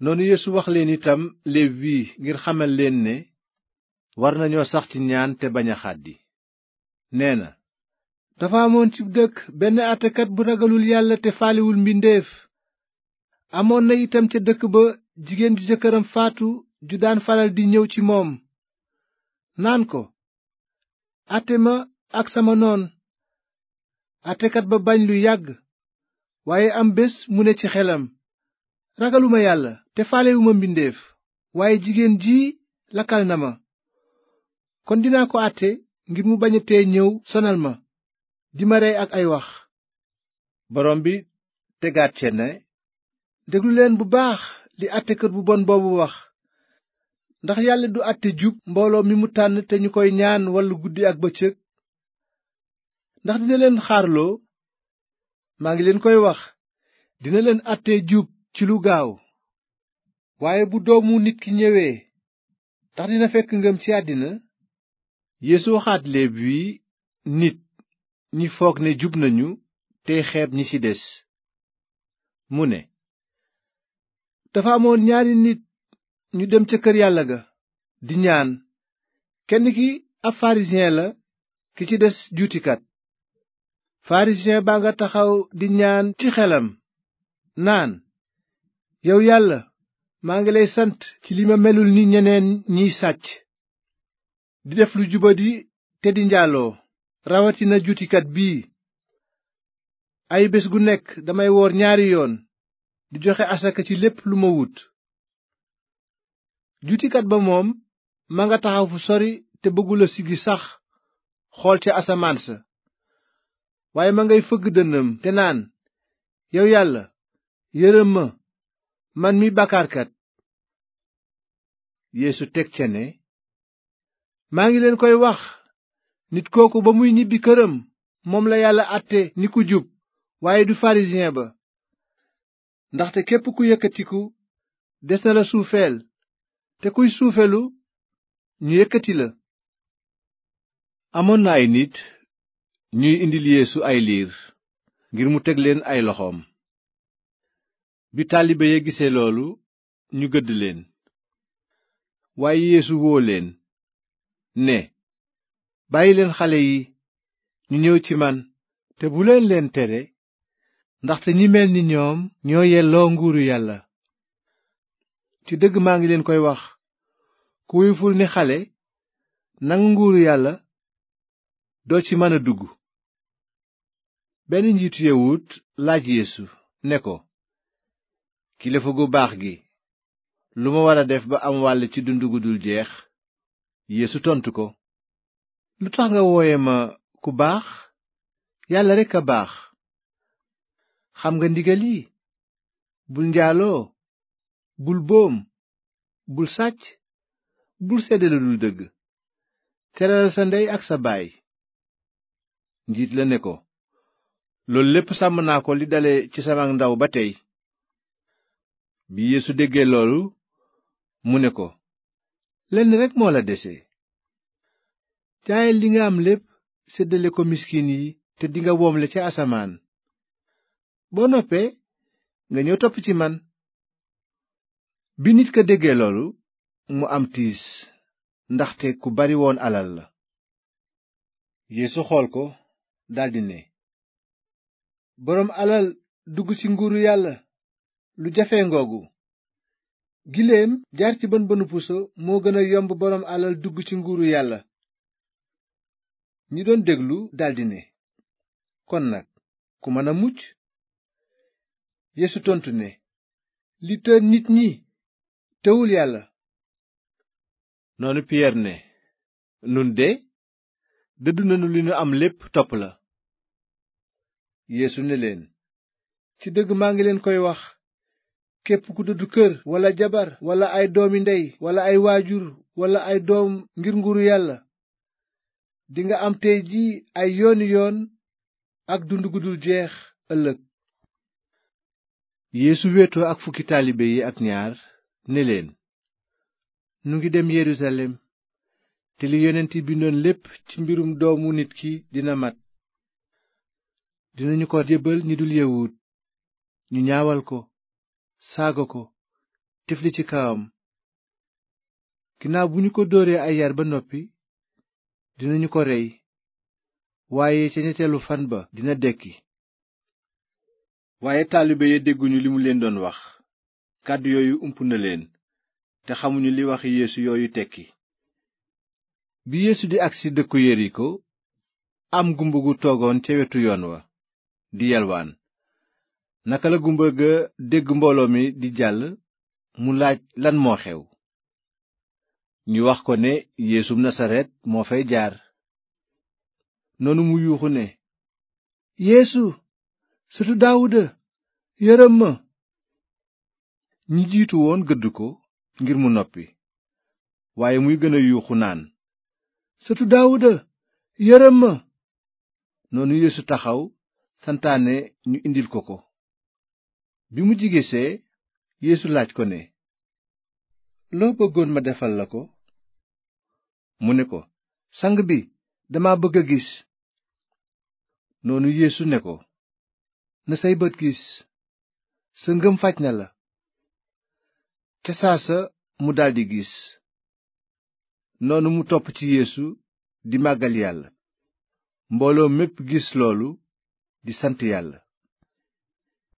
noonu Yeesu wax leen itam léeb wii ngir xamal leen ne war nañoo sax ci ñaan te nee na dafa amoon ci dëkk benn àttekat bu ragalul yàlla te faaliwul mbindeef amoon na itam ca dëkk ba jigéen ju jëkkëram faatu ju daan faral di ñëw ci moom naan ko àtte ma ak sama noon àttekat ba bañ lu yàgg waaye am bés mu ne ci xelam ragaluma yàlla te faalewuma mbindeef waaye jigéen ji lakkal na ma kon dinaa ko àtte ngir mu bañ a tee ñëw sonal ma di ma rey ak ay wax borom bi tegaat ca ne leen bu baax li kër bu bon boobu wax ndax yàlla du àtte jub mbooloo mi mu tànn te ñu koy ñaan walla guddi ak bëccëg ndax dina leen xaarloo maa ngi leen koy wax dina leen àtte jub ci lu gaaw waaye bu doomu nit ki ñëwee ndax dina fekk ngëm ci àddina Yeesu waxaat léeb wi nit ñi foog ne jub nañu te xeeb ñi ci des mu ne dafa amoon ñaari nit ñu dem ca kër yàlla ga di ñaan kenn ki ab pharisien la ki ci des juutikat pharisien baa nga taxaw di ñaan ci xelam naan yow yàlla maa ngi lay sant ci li ma melul ni ñeneen ñiy sàcc di def lu jubadi te di njaaloo rawatina juutikat bii ay bés gu nekk damay woor ñaari yoon di joxe asaka ci lépp lu ma wut juutikat ba moom ma nga taxaw fu sori te bëggula sigi sax xool ca asamaan sa waaye ma ngay fëgg dënnam te naan yow yàlla yërëm ma man mi bàkkaarkat yéesu teg ca ne maa ngi leen koy wax nit kooku ba muy ñibbi këram moom la yàlla àtte ni ku jub waaye du pharisien ba ndaxte képp ku yëkkatiku des na la suufeel te kuy suufeelu ñu yëkkati la amoon na ay nit ñuy indil yeesu ay liir ngir mu teg leen ay loxoom bi taalibe ya gisee loolu ñu gëdd leen waaye yeesu woo leen ne bàyyileen xale yi ñu ñëw ci man te bu leen leen tere ndaxte ñi mel ni ñoom ñoo yelloo nguuru yàlla ci dëgg maa ngi leen koy wax ku wuyful ni xale nangu nguuru yàlla doo ci mën a dugg benn njiitu yawut laaj ne ko kilifa gu baax gi lu ma war a def ba am wàll ci dund gu dul jeex yéesu tontu ko lu tax nga wooye ma ku baax yàlla rekk a baax xam nga ndigali yi bul njaaloo bul boom bul sàcc bul seede lu dul dëgg teral sa ndey ak sa baay njiit la ne ko loolu lépp sàmm naa ko li dale ci sama ndaw ba tey bi Yeesu déggee loolu mu ne ko lenn rekk moo la desee jaayal li nga am lépp séddale ko miskin yi te dinga woomle ca asamaan boo noppee nga ñëw topp ci man bi nit ka déggee loolu mu am tiis ndaxte ku bari woon alal la Yeesu xool ko daldi ne ci nguuru yàlla lu jafe ngoogu giléem jaar ci bën bënu puso moo gën a yomb boroom alal dugg ci nguuru yàlla ñi doon déglu daldi ne kon nag ku mën a mucc yeesu tontu ne li të nit ñi tëwul yàlla noonu piyeer ne nun de dëddu nanu li nu am lépp topp la yeesu ne leen ci dëgg maa ngi leen koy wax képp ku dëddu kër wala jabar wala ay doomi ndey walla ay waajur wala ay doom ngir nguuru yàlla dinga am tey ji ay yooni yoon ak dund gu jeex ëllëg yéesu wéetoo ak fukki taalibe yi ak ñaar ne leen nu ngi dem yerusalem te li yonent yi bindoon lépp ci mbirum doomu nit ki dina mat dinañu ko jébbal ñi dul yawut ñu ñaawal ko saaga ko tifli ci kawam ginnaaw bu ñu ko dóoree ay yar ba noppi dinañu ko rey waaye ca ñetteelu fan ba dina dekki waaye taalibe ya dégguñu li mu leen doon wax kàddu yooyu ump na leen te xamuñu li wax yeesu yooyu tekki bi yeesu di agsi dëkku yeriko am gumba gu toogoon ca wetu yoon wa di yalwaan naka la gumba ga dégg mbooloo mi di jàll mu laaj lan moo xew ñu wax ko ne yeesum nasaret moo fay jaar noonu mu yuuxu ne yéesu sëtu daawuda yërëm ma ñi jiitu woon gëdd ko ngir mu noppi waaye muy gën a yuuxu naan sëtu daawuda yërëm ma noonu yéesu taxaw santaane ñu indil ko ko bi mu jigesee yéesu laaj ko ne loo bëggoon ma defal la ko mu ne ko sang bi dama bëgg a gis noonu yéesu ne ko na say bët gis sa ngëm faj na la ca saa sa mu daldi gis noonu mu topp ci yéesu di màggal yàlla mbooloo mépp gis loolu di sant yàlla